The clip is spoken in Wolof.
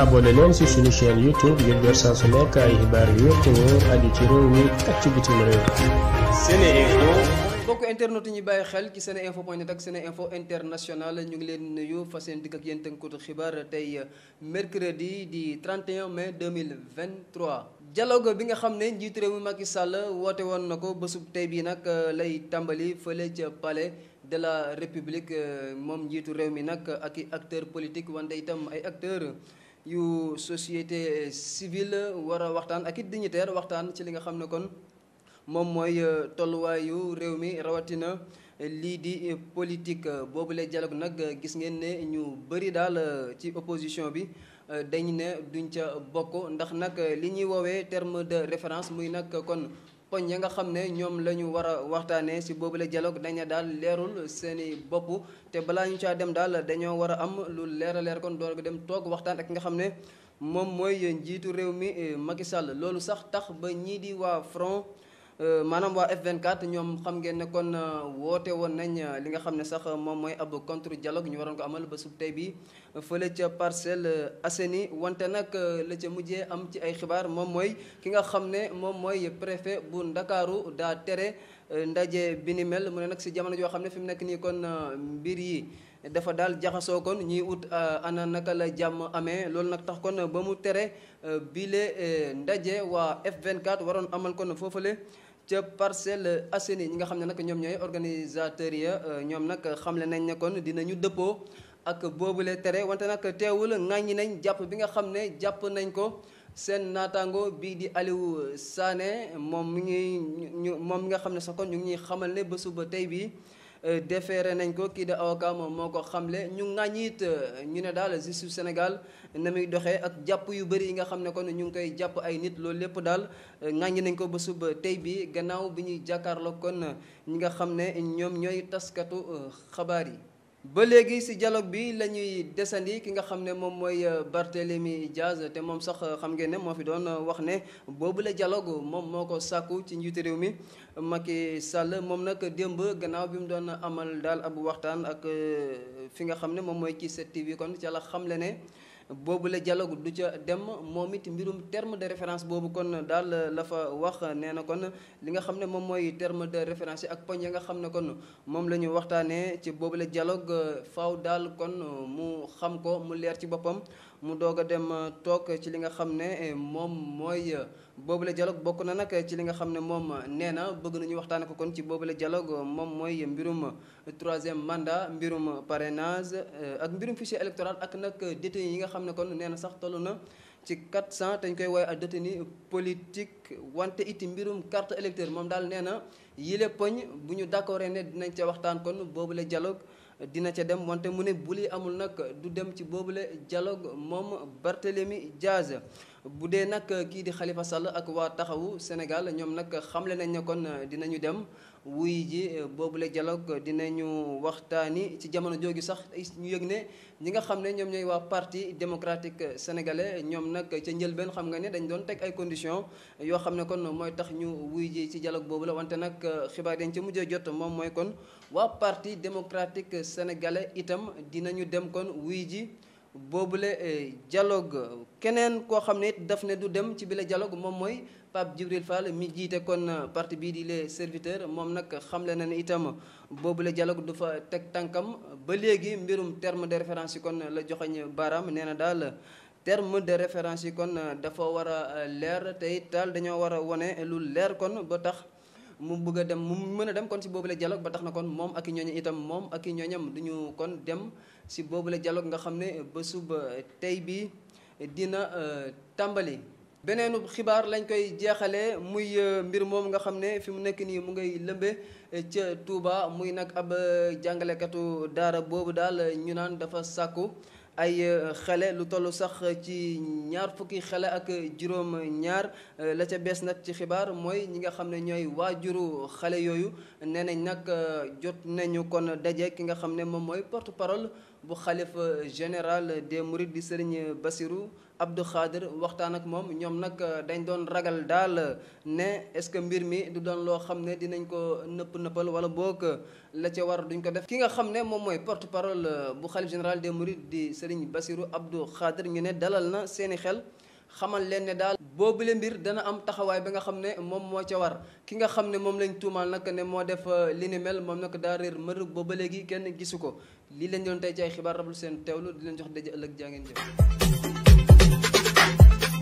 abonné leen ci suñu chaîne YouTube ngir jot saa su nekk ay xibaar yu wér te ci réew mi ak ci bitim réew. SeneInfo. mbokk internet yi ñu bàyyi xel ci seneinfo.net ak seneinfo international ñu ngi leen nuyu fas yéene dikk ak yéen tënkatu xibaar tey mercredi di 31 mai 2023. dialogue bi nga xam ne njiitu réew mi Macky Sall woote woon na ko bésub tey bii nag euh, lay tàmbali fële ca palais de la république euh, moom njiitu réew mi nag ak acteur acteurs politiques wante itam ay acteurs. yu société civile war a waxtaan ak it dignitaire waxtaan ci li nga xam ne kon moom mooy euh, tolluwaayu réew mi rawatina euh, lii di euh, politique boobu le dialogue nag gis ngeen ne ñu bëri daal ci opposition bi dañ ne duñ ca bokk ndax nag li ñuy woowee terme de référence muy nag kon poñ ya nga xam ne ñoom la ñu war a waxtaanee si boobule dialogue dañu daal leerul seeni bopp te balaa ñu caa dem daal dañoo war a am lu leer a leer kon door ga dem toog waxtaan ak nga xam ne moom mooy njiitu réew mi eh, Macky sàll loolu sax tax ba ñii di waa front Euh, maanaam waa F24 ñoom xam ngeen ne kon euh, woote woon nañ euh, li nga xam ne sax moom mooy ab contre dialogue ñu waroon ko amal ba sub tey bi fële ca Parcelles Assainies wante nag la ca mujjee am ci ay xibaar moom mooy ki nga xam ne moom mooy préfet bu Ndakaaru daa tere ndaje bi ni mel mu ne nag si jamono joo xam ne fi mu nekk nii kon mbir yi dafa daal jaxasoo kon ñiy ut euh, ana naka la jàmm amee loolu nag tax kon ba mu tere euh, bile euh, ndaje waa F24 waroon amal kon foofu foofale ca Parcelles Assainies ñi nga xam ne nag ñoom ñooy organisateurs ya ñoom nag xamle nañ ne kon dinañu dëppoo ak boobule tere wante nag teewul ŋàññi nañ jàpp bi nga xam ne jàpp nañ ko seen naataango bii di Aliou Sané moom mu ngi ñu moom mi nga xam ne sax kon ñu ngi ñuy xamal ne ba suba tey bii. Euh, déféré nañ ko kii de avocat moom moo ko xamle ñu ŋàññiit euh, ñu ne daal justice Sénégal na muy doxee ak jàpp yu bëri yi nga xam ne kon ñu ngi koy jàpp ay nit loolu lépp daal euh, ŋàññi nañ ko ba suba tey bi gannaaw bi ñuy jàkkaarloo kon ñi nga xam ne ñoom ñooy taskatu xabaar yi ba léegi si dialogue bi la ñuy desandi ki nga xam ne moom mooy euh, mi Diaz te moom sax euh, xam ngeen ne moo fi doon euh, wax ne boobu la dialogue moom moo ko sàkku ci njiitu réew mi Macky Sall moom nag démb gannaaw bi mu doon amal daal ab waxtaan ak fi nga xam ne moom mooy ci 7TV kon ci la xamle ne. boobu la dialogue du ca dem moom it mbirum terme de référence boobu kon daal la fa wax nee na kon li nga xam ne moom mooy terme de référence yi ak poñ ya nga xam ne kon moom la ñu waxtaanee ci boobu la jaloog faw daal kon mu xam ko mu leer ci boppam. mu doog a dem euh, toog ci li nga xam ne euh, moom mooy euh, boobu la dialogue bokk na nag ci li nga xam ne moom nee na bëgg nañu waxtaane ko kon ci boobu la dialogue moom mooy mbirum troisième mandat mbirum parrainage ak mbirum fichier électoral ak nag détenu yi nga xam ne kon nee na sax toll na ci 400 te ñu koy woowee ak détenu politique wante iti mbirum carte électeur moom daal nee na yile poñ bu ñu d'accord ne dinañ ca waxtaan kon boobu boobule dialogue dina ca dem wante mu ne bu amul nag du dem ci boobu boobule dialogue moom Barthélémy Diaz bu dee nag euh, kii di xalifa Sall ak waa taxawu Sénégal ñoom nag xamle nañ ne kon euh, dinañu dem wuy ji euh, boobu boobule dialogue dinañu waxtaani ci jamono jooju sax ñu yëg ne ñi nga xam ne ñoom ñooy waa parti démocratique sénégalais ñoom nag ca njëlbeen xam nga ne dañ doon teg ay conditions yoo xam ne kon mooy tax ñu wuy ji ci dialogue boobu la wante nag xibaar dañ ca mujjee jot moom mooy kon waa parti démocratique sénégalais itam dinañu dem kon wuy ji. boobu boobule jaloog eh, keneen koo xam ne daf ne du dem ci bile dialogue moom mooy Pape Djibril Fall mi jiite kon eh, parti bii di les serviteur moom nag xamle na ne itam boobu la dialogue du fa teg tànkam ba léegi mbirum terme de référence yi kon la joxeñ baaraam nee na daal terme de référence yi kon dafa war a eh, leer te it dañoo war a wone lu leer kon ba tax mu bëgg a dem mu mën a dem kon si boobu boobule dialogue ba tax na kon moom ak i ñooñu itam moom ak i ñooñam du ñu kon dem si boobu boobule dialogue nga xam ne ba suba tey bi dina euh, tàmbali. beneenu xibaar lañ koy jeexale muy euh, mbir moom nga xam ne fi mu nekk nii mu ngay lëmbe euh, ca Touba muy nag ab jàngalekatu daara boobu daal ñu naan dafa sàkku. ay euh, xale lu toll sax ci ñaar fukki xale ak juróom ñaar euh, la ca bees nag ci xibaar mooy ñi nga xam ne ñooy waajuru xale yooyu nee nañ nag euh, jot nañu kon daje ki nga xam ne moom mooy porte parole bu xalifa général des Mourides di Serigne Bassirou Abdou Khadir waxtaan ak moom ñoom nag euh, dañ doon ragal daal ne est-ce que mbir mi du doon loo xam ne dinañ ko nëpp nëppal wala boog la ca war duñ ko def. ki nga xam ne moom mooy porte-parole euh, bu xalif général des Mourides di Serigne Bassirou Abdou Khadir ñu ne dalal na seeni xel. xamal leen ne daal boobule mbir dana am taxawaay ba nga xam ne moom moo ca war ki nga xam ne moom lañ tuumaal nag ne moo def euh, li ni mel moom nag daa réer mër ba ba léegi kenn gisu ko lii leen doon tey ci ay xibaar rablu seen teewlu di leen jox daje ëllëg jaa jëf